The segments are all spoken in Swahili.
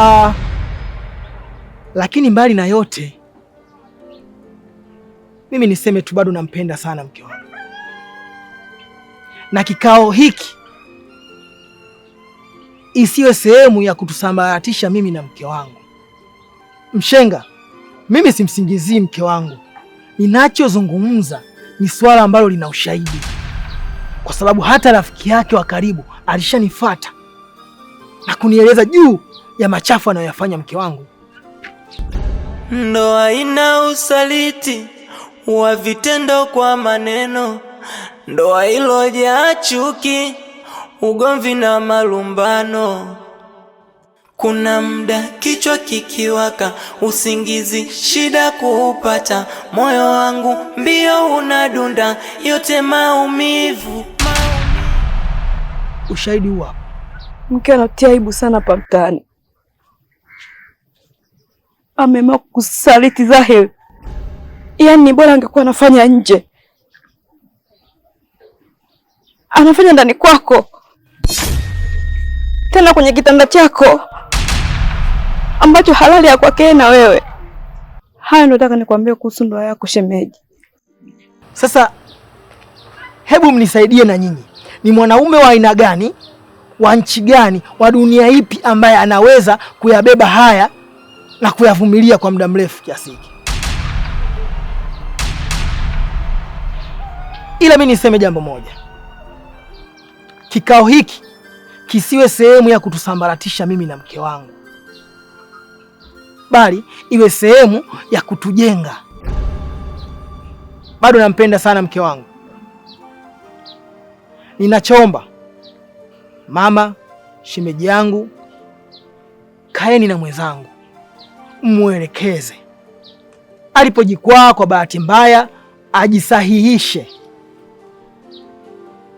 Aa, ah, lakini mbali na yote mimi niseme tu bado nampenda sana mke wangu, na kikao hiki isiwe sehemu ya kutusambaratisha mimi na mke wangu. Mshenga, mimi simsingizii mke wangu. Ninachozungumza ni swala ambalo lina ushahidi, kwa sababu hata rafiki yake wa karibu alishanifuata na kunieleza juu ya machafu anayoyafanya mke wangu. Ndoa ina usaliti wa vitendo kwa maneno, ndoa ilojaa chuki, ugomvi na malumbano. Kuna muda kichwa kikiwaka, usingizi shida kuupata, moyo wangu mbio unadunda, yote maumivu. Ushahidi wapo, mke anatia aibu sana pa mtaani ameamua kusaliti dhahiri. Yaani ni bora angekuwa anafanya nje, anafanya ndani kwako, tena kwenye kitanda chako ambacho halali ya kwake na wewe. Haya ndio nataka nikwambie kuhusu ndoa yako shemeji. Sasa hebu mnisaidie na nyinyi, ni mwanaume wa aina gani, wa nchi gani, wa dunia ipi ambaye anaweza kuyabeba haya na kuyavumilia kwa muda mrefu kiasi hiki. Ila mimi niseme jambo moja, kikao hiki kisiwe sehemu ya kutusambaratisha mimi na mke wangu, bali iwe sehemu ya kutujenga. Bado nampenda sana mke wangu. Ninachoomba mama, shemeji yangu, kaeni na mwenzangu mwelekeze, alipojikwaa kwa bahati mbaya ajisahihishe,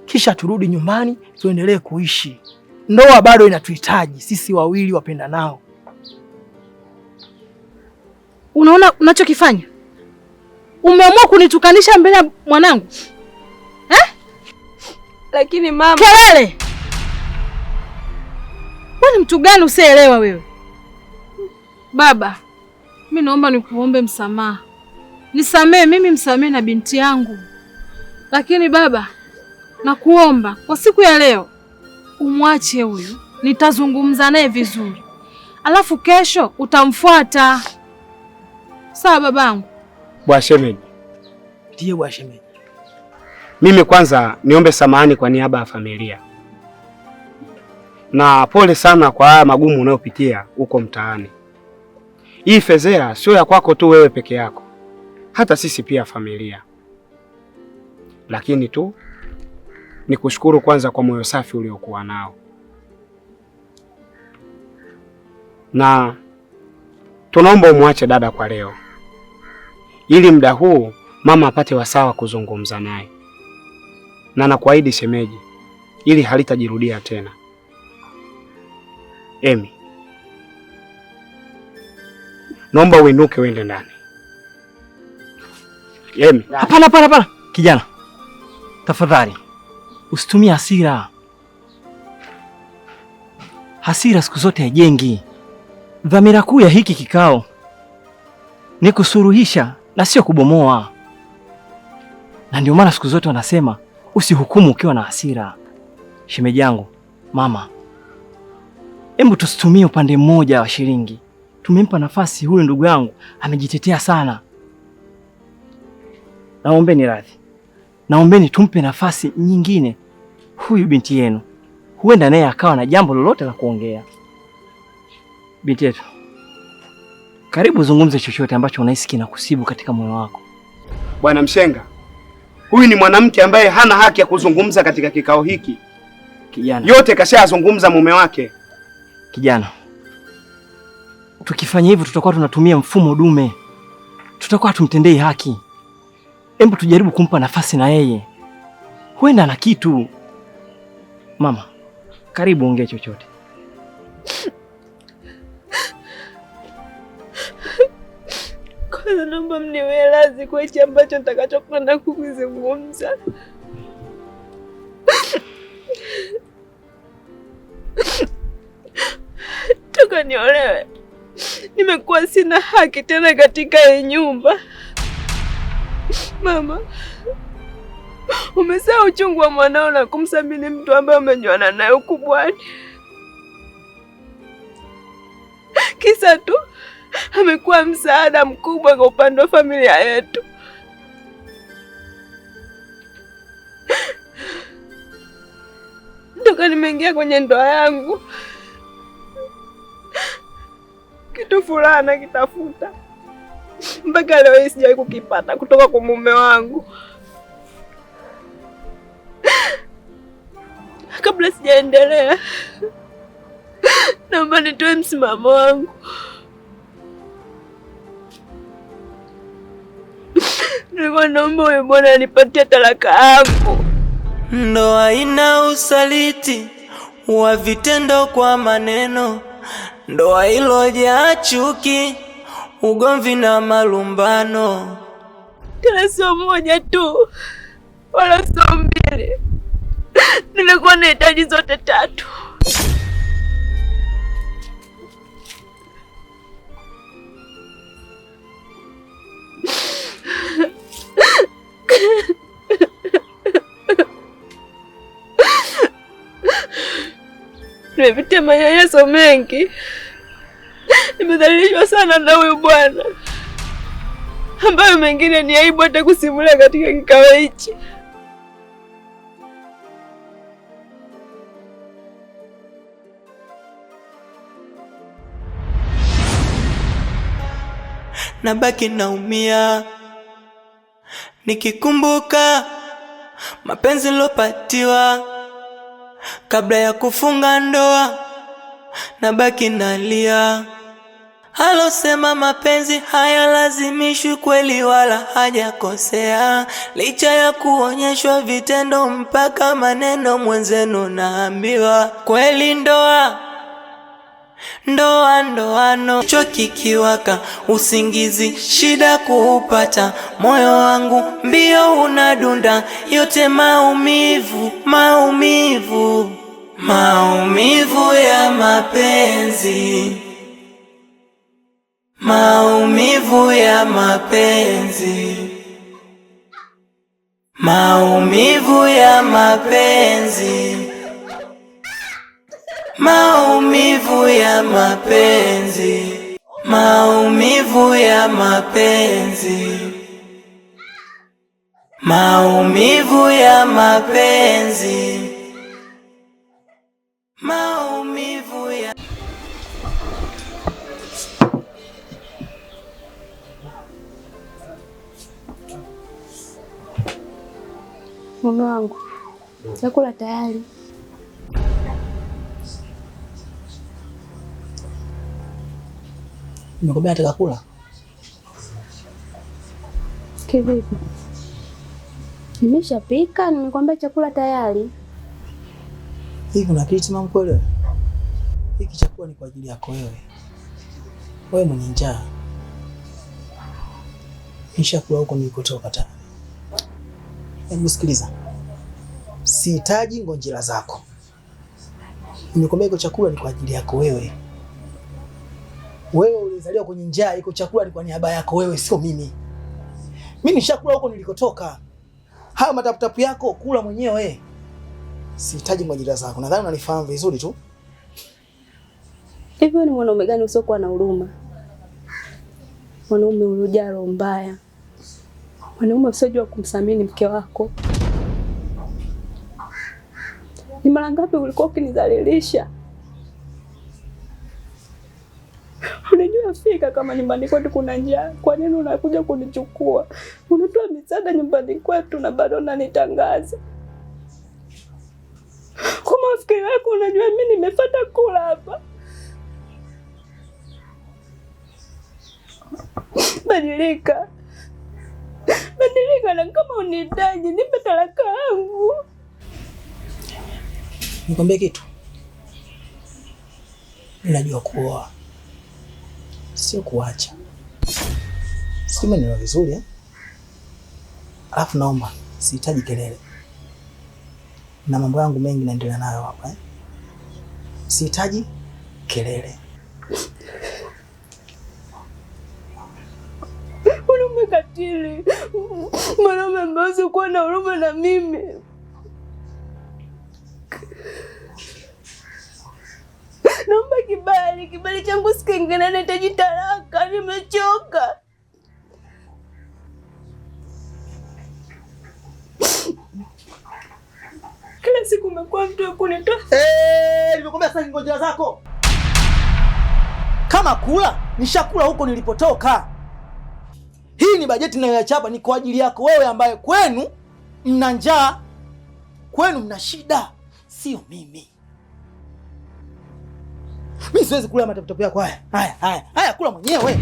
kisha turudi nyumbani tuendelee kuishi. Ndoa bado inatuhitaji sisi wawili wapenda nao. Unaona unachokifanya? Umeamua kunitukanisha mbele ya mwanangu eh? Lakini mama, kelele! Wewe ni mtu gani usielewa wewe? Baba, mi naomba nikuombe msamaha, nisamee mimi, msamee na binti yangu. Lakini baba, nakuomba kwa siku ya leo umwache huyu, nitazungumza naye vizuri, alafu kesho utamfuata. Sawa babangu? bwashemeji ndiye bwashemeji Mimi kwanza niombe samahani kwa niaba ya familia, na pole sana kwa haya magumu unayopitia huko mtaani. Hii fedheha sio ya kwako tu wewe peke yako, hata sisi pia familia. Lakini tu ni kushukuru kwanza kwa moyo safi uliokuwa nao, na tunaomba umwache dada kwa leo, ili muda huu mama apate wasawa kuzungumza naye, na nakuahidi shemeji, ili halitajirudia tena Emi naomba uinuke uende ndani. Yemi. Yaani. Hapana, hapana, hapana. Kijana, tafadhali usitumie hasira. Hasira siku zote haijengi. Dhamira kuu ya hiki kikao ni kusuluhisha na sio kubomoa, na ndio maana siku zote wanasema usihukumu ukiwa na hasira. Shemeji yangu, mama, hebu tusitumie upande mmoja wa shilingi tumempa nafasi huyu ndugu yangu amejitetea sana. Naombeni radhi, naombeni tumpe nafasi nyingine huyu binti yenu, huenda naye akawa na jambo lolote la kuongea. Binti yetu, karibu zungumze chochote ambacho unahisi kinakusibu katika moyo wako. Bwana Mshenga, huyu ni mwanamke ambaye hana haki ya kuzungumza katika kikao hiki. Kijana, yote kashayazungumza mume wake. Kijana Tukifanya hivyo tutakuwa tunatumia mfumo dume, tutakuwa hatumtendei haki. Hebu tujaribu kumpa nafasi na yeye, huenda ana kitu. Mama, karibu ongee chochote. Kwanza naomba mniwe radhi kwa hichi ambacho nitakachokwenda kukizungumza. Toka niolewe nimekuwa sina haki tena katika hii nyumba. Mama, umesahau uchungu wa mwanao na kumsamini mtu ambaye umenyana naye ukubwani, kisa tu amekuwa msaada mkubwa kwa upande wa familia yetu. Toka nimeingia kwenye ndoa yangu kitu fulani nakitafuta mpaka leo hii sijawahi kukipata kutoka kwa mume wangu. Kabla sijaendelea, naomba nitoe msimamo wangu. Nilikuwa naomba huyo bwana anipatie talaka yangu. Ndoa ina usaliti wa vitendo kwa maneno ndoa ilojaa chuki, ugomvi na malumbano, tena sio moja tu wala sio mbili. Nilikuwa hitaji zote tatu. nimepitia manyanyaso mengi, nimedhalilishwa sana na huyu bwana, ambayo mengine ni aibu hata kusimulia katika kikao hichi. Nabaki naumia nikikumbuka mapenzi lopatiwa kabla ya kufunga ndoa na baki nalia. Alosema mapenzi hayalazimishwi, kweli wala hajakosea, licha ya kuonyeshwa vitendo mpaka maneno, mwenzenu naambiwa kweli ndoa Ndoa ndoano cho kikiwaka, usingizi shida kuupata, moyo wangu mbio unadunda, yote maumivu maumivu maumivu ya mapenzi maumivu ya mapenzi maumivu ya mapenzi maumivu ya mapenzi, maumivu ya mapenzi, maumivu ya mapenzi, maumivu ya mume wangu, chakula tayari. Nimekwambia nataka kula kivipi? Nimeshapika, nimekwambia chakula tayari. Hii kuna kiti mama, kweli hiki chakula ni kwa ajili yako wewe. Wewe mwenye njaa nishakula huko nilikotoka tayari. Hebu sikiliza, sihitaji ngonjera zako. Nimekwambia iko chakula ni kwa ajili yako wewe wewe ulizaliwa kwenye njaa iko chakula ni kwa niaba yako wewe, sio mimi. Mimi nishakula huko nilikotoka. haya mataputapu yako kula mwenyewe, sihitaji mwajira zako. Nadhani unanifahamu vizuri tu. Hivyo ni mwanaume gani usiokuwa na huruma? Mwanaume uliojaa roho mbaya, mwanaume usiojua kumsamini mke wako. Ni mara ngapi ulikuwa ukinizalilisha? Unajua fika kama nyumbani kwetu kuna njaa, kwa nini unakuja kunichukua? Unatoa misaada nyumbani kwetu na bado unanitangaza kwa mafikiri yako. Unajua mimi nimefuata kula hapa. Badilika, badilika, na kama unihitaji nipe talaka yangu. Nikwambie kitu, najua kuoa sio kuacha. Sijui ni vizuri eh? Alafu naomba sihitaji kelele na mambo yangu mengi naendelea nayo hapa eh? Sihitaji kelele. Mwanaume katili, mwanaume ambaye sikuwa na huruma na mimi naomba kibali, kibali changu sikingine, nahitaji talaka, nimechoka. Kila siku umekuwa mtu wa kunita. Eh, nimekuambia sasa ngojea zako. Kama kula, nishakula huko nilipotoka. Hii ni bajeti ninayochapa ni kwa ajili yako wewe ambaye kwenu mna njaa, kwenu mna shida, sio mimi. Mimi siwezi kula mataputapu yako haya. Haya, haya. Haya kula mwenyewe.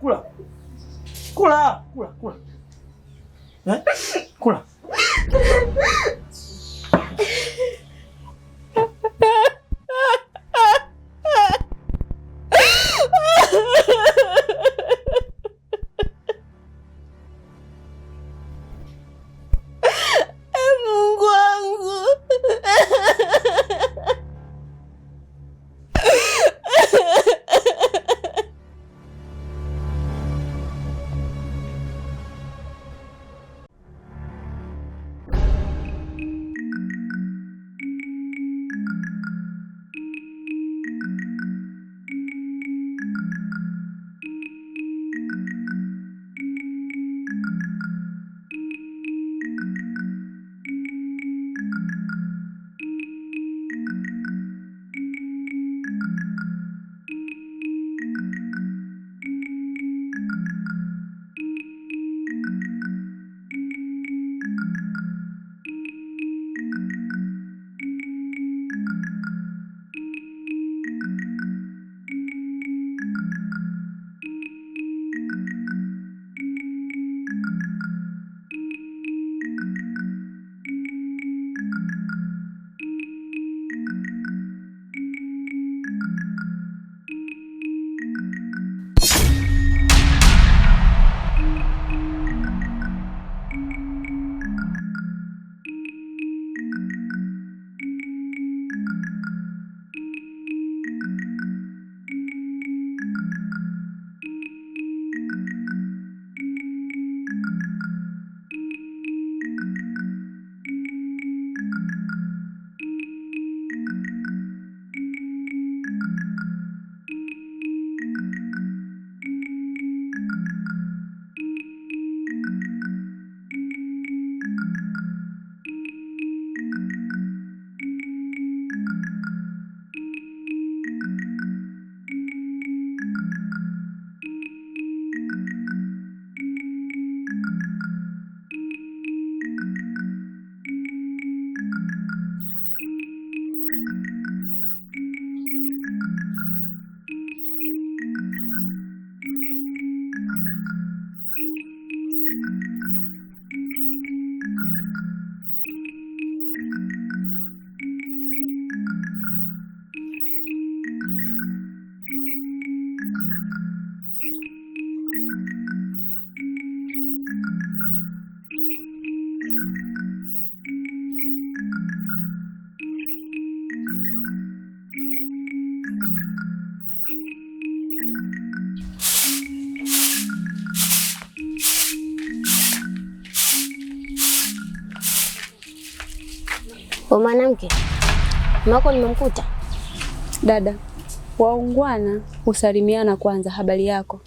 kula. Kula, kula, kula. Eh? Kula. mako nimemkuta? Dada waungwana usalimiana kwanza. Habari yako?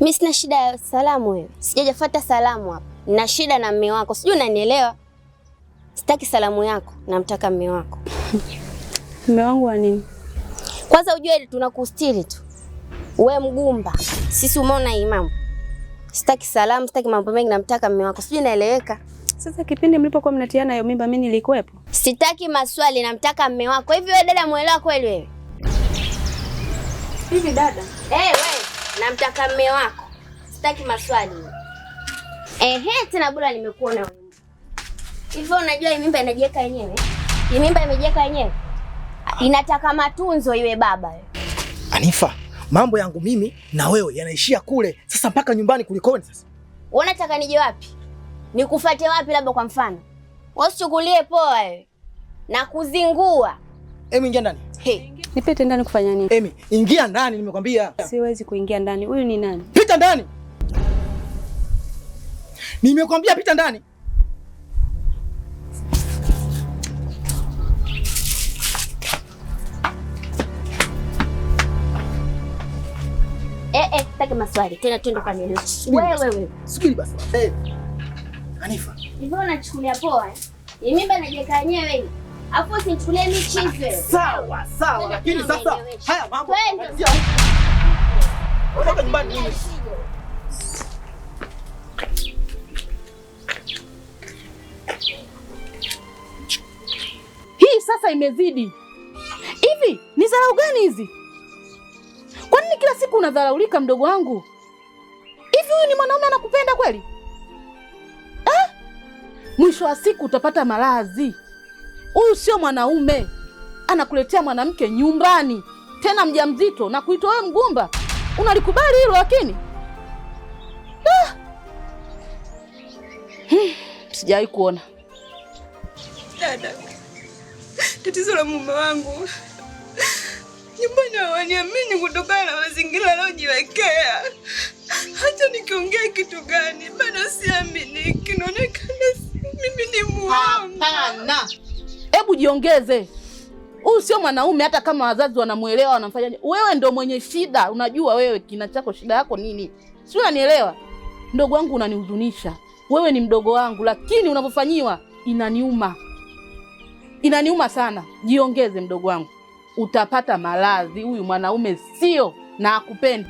Mimi sina shida ya salamu, wewe sijajafuata salamu hapa. Nina shida na mume wako, sijui unanielewa. Sitaki salamu yako, namtaka mume wako. Mume wangu wa nini? Kwanza ujue tunakustiri tu, we mgumba, sisi umeona imamu. Sitaki salamu, sitaki mambo mengi, namtaka mume wako, sijui naeleweka? Sasa kipindi mlipokuwa mnatiana hiyo mimba mimi nilikuwepo? Sitaki maswali, namtaka mme wako. Hivi wewe dada mwelewa kweli wewe? Hivi dada. Eh, hey, wewe namtaka mme wako. Sitaki maswali. Ehe, tena bora nimekuona wewe. Hivyo unajua hii mimba inajiweka yenyewe? Hii mimba imejiweka yenyewe. Inataka matunzo iwe baba. Anifa, mambo yangu mimi na wewe yanaishia kule. Sasa mpaka nyumbani kulikoni sasa? Unataka nije wapi? Nikufate wapi? Labda kwa mfano, wasichukulie poa wewe na kuzingua. Emi, ingia ndani. Hey. Nipite ndani kufanya nini? Emi, ingia ndani nimekwambia. Siwezi kuingia ndani. Huyu ni nani? Pita ndani. Nimekwambia pita ndani. Eh, eh, taka maswali. Tena twende kwa nini? Wewe wewe. Subiri basi. Eh. Anifa. Hivyo unachukulia poa? Ni eh? mimba najiweka wenyewe. Hapo usinichukulie mimi chizwe. Sawa, sawa. Lakini sasa haya mambo. Twende. Unataka nyumbani nini? Hii sasa imezidi. Hivi ni dharau gani hizi? Kwa nini kila siku unadharaulika mdogo wangu? Hivi huyu ni mwanaume anakupenda kweli? mwisho wa siku utapata maradhi. Huyu sio mwanaume, anakuletea mwanamke nyumbani, tena mjamzito na kuitwa wewe mgumba. Unalikubali hilo? Lakini ah. hmm. Sijawahi kuona dada. Tatizo la mume wangu nyumbani hawaniamini kutokana na mazingira anaojiwekea Hata nikiongea kitu gani bado siaminiki, naonekana mimi ni muongo. Hapana. Hebu jiongeze. Huyu sio mwanaume hata kama wazazi wanamuelewa wanamfanyaje. Wewe ndo mwenye shida, unajua wewe kina chako shida yako nini? Si unanielewa? Ndogo wangu unanihuzunisha. Wewe ni mdogo wangu lakini unavyofanyiwa inaniuma. Inaniuma sana. Jiongeze mdogo wangu. Utapata maradhi huyu mwanaume sio na akupendi.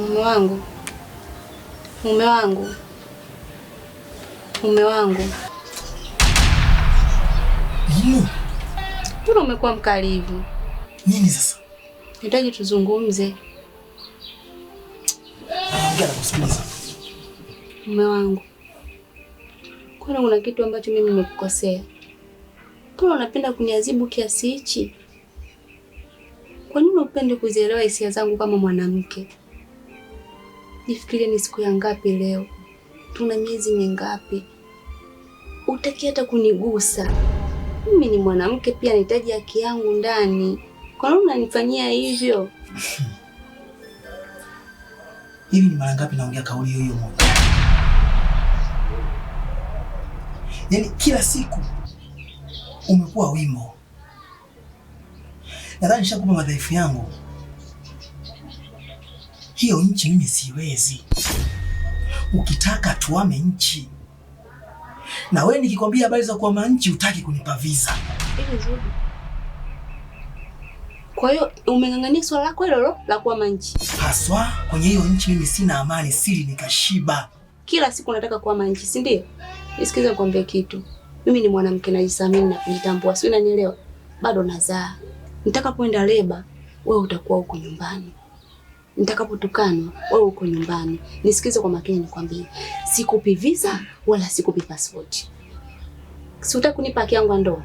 mume wangu, mume wangu, mume wangu. Mbona umekuwa mkali hivi? Nini sasa? Nahitaji tuzungumze. Mume wangu, kuna kuna kitu ambacho mimi nimekukosea. Kuna unapenda kuniadhibu kiasi hichi? Kwa nini upende kuzielewa hisia zangu kama mwanamke? Jifikirie, ni siku ya ngapi leo? Tuna miezi mingapi? Utaki hata kunigusa mimi. Ni mwanamke pia, nahitaji haki yangu ndani. Kwa nini unanifanyia hivyo? Hivi ni mara ngapi naongea kauli hiyo hiyo moja? Yaani kila siku umekuwa wimo. Nadhani nishakupa madhaifu yangu hiyo nchi mimi siwezi. Ukitaka tuame nchi na wewe, nikikwambia habari za kuama nchi utaki kunipa visa. Kwa hiyo umeng'ang'ania swala lako hilo la kuama nchi haswa kwenye hiyo nchi. Mimi sina amani, siri nikashiba, kila siku nataka kuama nchi, si ndio? Nisikize nikwambie kitu, mimi ni mwanamke najisamini na kujitambua, si unanielewa? Bado nazaa, nitakapoenda leba wewe utakuwa huko nyumbani Nitakapotukanwa wewe uko nyumbani, nisikize kwa makini, nikwambie, sikupi visa wala sikupi passport. Si utaki kunipa haki yangu ndoa?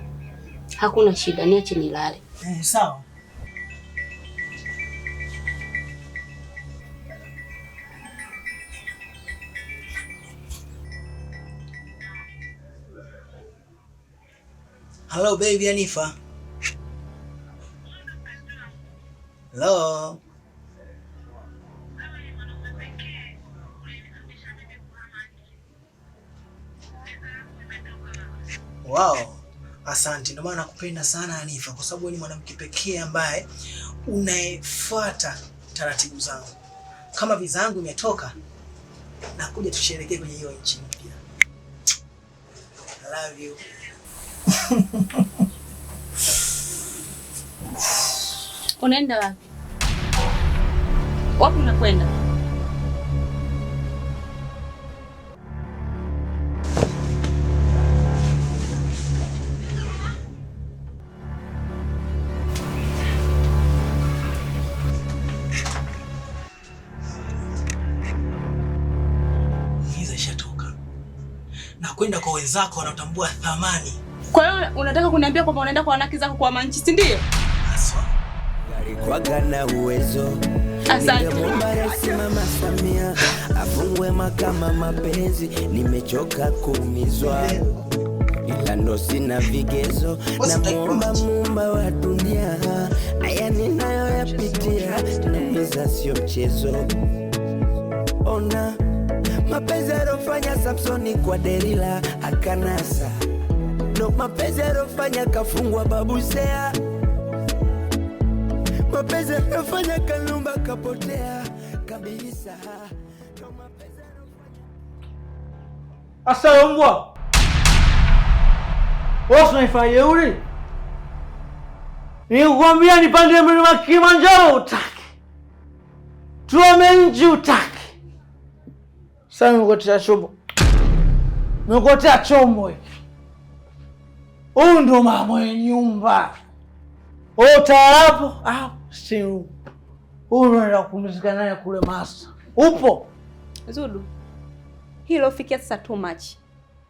Hakuna shida, niache nilale. Eh, sawa. Hello baby Anifa. Hello. Wow. Asante, ndio maana nakupenda sana Hanifa kwa sababu ni mwanamke pekee ambaye unayefuata taratibu zangu. Kama visa yangu imetoka, nakuja tusherekee kwenye hiyo nchi mpya. I love you. Unaenda wapi? Wapi unakwenda? zako wanatambua thamani. Kwa hiyo unataka kuniambia kwamba unaenda kwa wanawake zako kwa manchi, si ndio? na uwezo. Asante. Mama Samia afungwe mahakama mapenzi, nimechoka kuumizwa ila ndo sina vigezo, namwomba muumba wa dunia, haya ninayoyapitia, naumiza sio mchezo, ona mapenzi alofanya Samsoni kwa Delila akanasa, ndo mapenzi alofanya kafungwa babusea, mapenzi alofanya Kanumba kapotea kabisa. Asa mbwa osnaifanye uli nikukwambia, nipande mlima Kilimanjaro utaki, tuome nchi utaki sasa nimekotea chombo, nimekotea chombo. Huyu ndo mama ya nyumba, wewe utaarabu utaalapo ah, si? Huyu unaenda kupumzika naye kule masa, upo Zudu. Hilo fikia sasa, too much.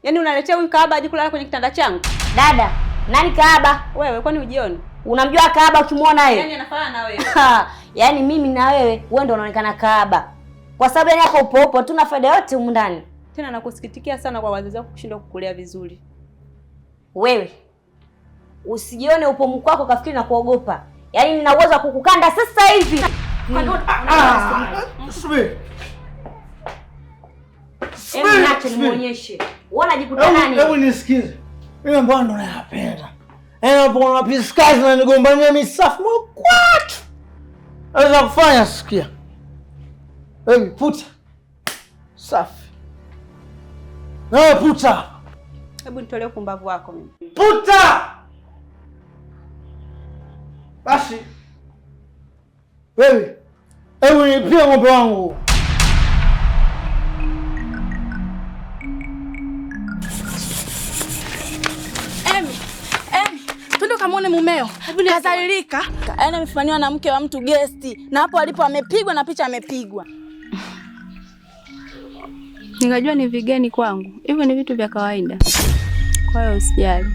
Yaani unaletea huyu kaaba aje kulala kwenye kitanda changu? Dada, nani kaaba? Wewe kwani ujioni? Unamjua kaaba ukimwona yeye? Yaani anafanana na wewe. Yaani mimi na wewe, wewe ndio unaonekana kaaba kwa sababu yani hapo upo upo, tuna faida yote humu ndani. Tena nakusikitikia sana kwa wazazi wako kushindwa kukulea vizuri. Wewe usijione upo mko wako kafikiri na kuogopa, yaani nina uwezo wa kukukanda sasa hivi. Ah, ah, ah, Nimuonyeshe unajikuta nisikize yaani mimi, kufanya sikia Baby, puta. Safi. Wewe puta. Hebu nitolee ukumbavu wako mimi. Puta! Basi. Wewe, hebu nilipie ng'ombe wangu. Kamwone mumeo kadhalilika, yaani amefanywa na mke wa mtu gesti, na hapo alipo amepigwa na picha amepigwa nikajua ni vigeni kwangu. Hivyo ni vitu vya kawaida, kwa hiyo usijali.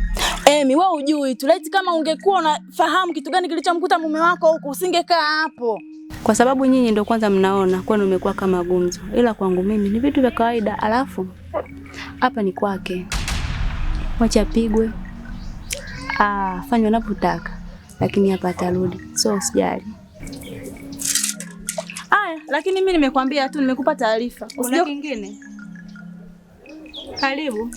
Emi, eh, wewe ujui tu. Laiti kama ungekuwa unafahamu kitu gani kilichomkuta mume wako huko, usingekaa hapo. Kwa sababu nyinyi ndio kwanza mnaona, kwani umekuwa kama gumzo, ila kwangu mimi ni vitu vya kawaida. Alafu hapa ni kwake, wacha pigwe afanywe ah, anapotaka, lakini hapa atarudi, so usijali. Aya, lakini mimi nimekwambia tu, nimekupa taarifa. Usije kingine 还离不。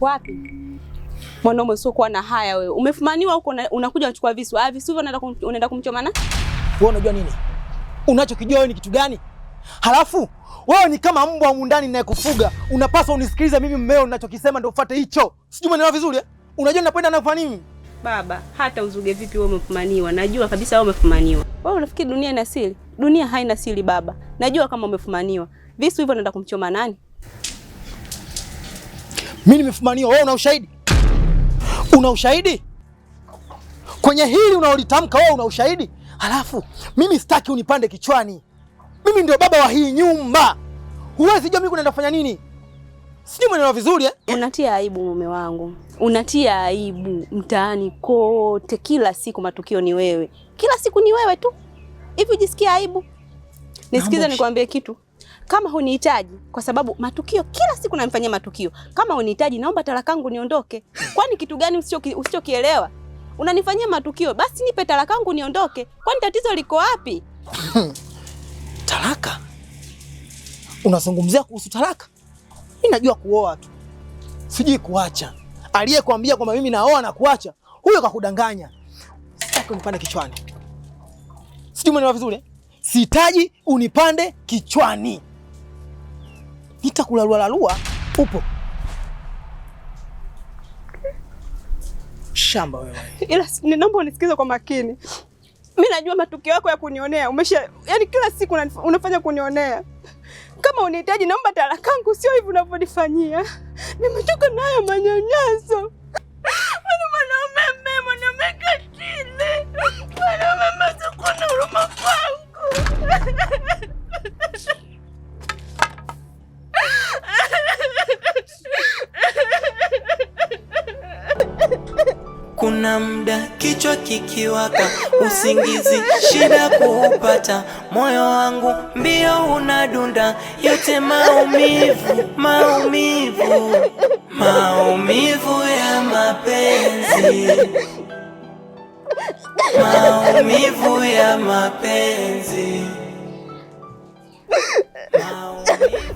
wapi? Mwanaume sio kuwa na haya wewe. Umefumaniwa huko unakuja unachukua visu. Ah, visu hivyo unaenda kum, unaenda kumchomana? Wewe unajua nini? Unachokijua wewe ni kitu gani? Halafu wewe ni kama mbwa wangu ndani ninayekufuga. Unapaswa unisikilize mimi mmeo ninachokisema ndio ufuate hicho. Sijui umeelewa vizuri eh? Unajua ninapenda nafanya nini? Baba, hata uzuge vipi wewe umefumaniwa. Najua kabisa wewe umefumaniwa. Wewe unafikiri dunia ina siri? Dunia haina siri baba. Najua kama umefumaniwa. Visu hivyo unaenda kumchoma nani? Mimi nimefumaniwa. Wewe una ushahidi? Una ushahidi kwenye hili unaolitamka wewe? Una ushahidi? Halafu mimi sitaki unipande kichwani. Mimi ndio baba wa hii nyumba, huwezi jua mimi kunaenda kufanya nini. Sijui mwenelewa vizuri eh? Unatia aibu mume wangu, unatia aibu mtaani kote. Kila siku matukio ni wewe, kila siku ni wewe tu. Hivi ujisikia aibu? Nisikize nikwambie kitu kama hunihitaji, kwa sababu matukio kila siku namfanyia matukio. Kama hunihitaji, naomba talaka yangu niondoke. Kwani kitu gani usichokielewa? Unanifanyia matukio, basi nipe talaka yangu niondoke. Kwani tatizo liko wapi? Talaka? Unazungumzia kuhusu talaka? Mi najua kuoa tu, sijui kuacha. Aliyekuambia kwamba mimi naoa na kuacha, huyo kakudanganya. Sitaki unipande kichwani, sijui mwenelewa vizuri. Eh? Sihitaji unipande kichwani. Nitakulalualalua upo shamba wewe. Ila ninaomba unisikize kwa makini. mi najua matukio yako ya kunionea umesha, yani kila siku unafanya kunionea. Kama unihitaji, naomba talaka sio hivi unavyonifanyia. Nimechoka nayo manyanyaso kuna mda kichwa kikiwaka, usingizi shida kuupata, moyo wangu mbio unadunda, yote maumivu, maumivu, maumivu ya mapenzi, maumivu ya mapenzi, maumivu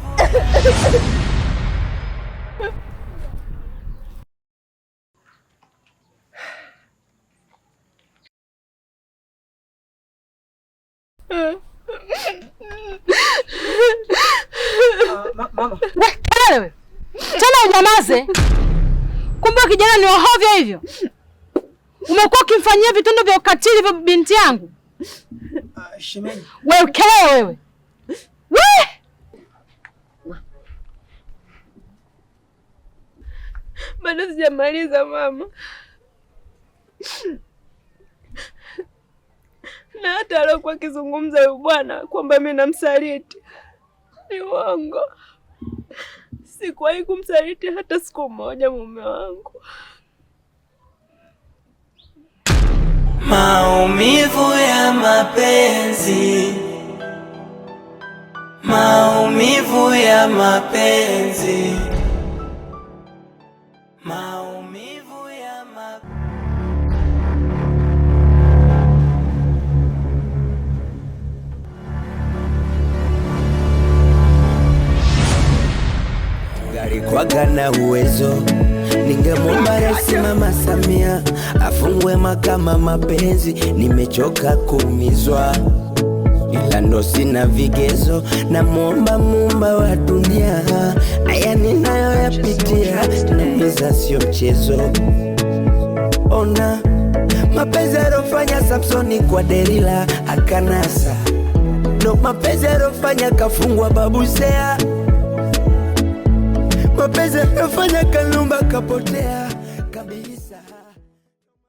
unyamaze. Kumbe kijana ni wahovyo hivyo, umekuwa ukimfanyia vitendo vya ukatili hivyo binti yangu. Ah, wewe, kelele wewe we! Bado sijamaliza mama, na hata aliokuwa akizungumza huyu bwana kwamba mimi namsaliti ni uongo sikuwahi kumsaliti hata siku moja mume wangu. Maumivu ya mapenzi, maumivu ya mapenzi. wagana uwezo Ningemwomba Rais Mama Samia afungwe makama mapenzi, nimechoka kuumizwa, ila ndo sina vigezo. Namwomba muumba wa dunia, haya ninayoyapitia naumiza, sio mchezo. Ona mapenzi alofanya Samsoni kwa Delila akanasa, ndo mapenzi alofanya kafungwa Babusea nafanya Kalumba kapotea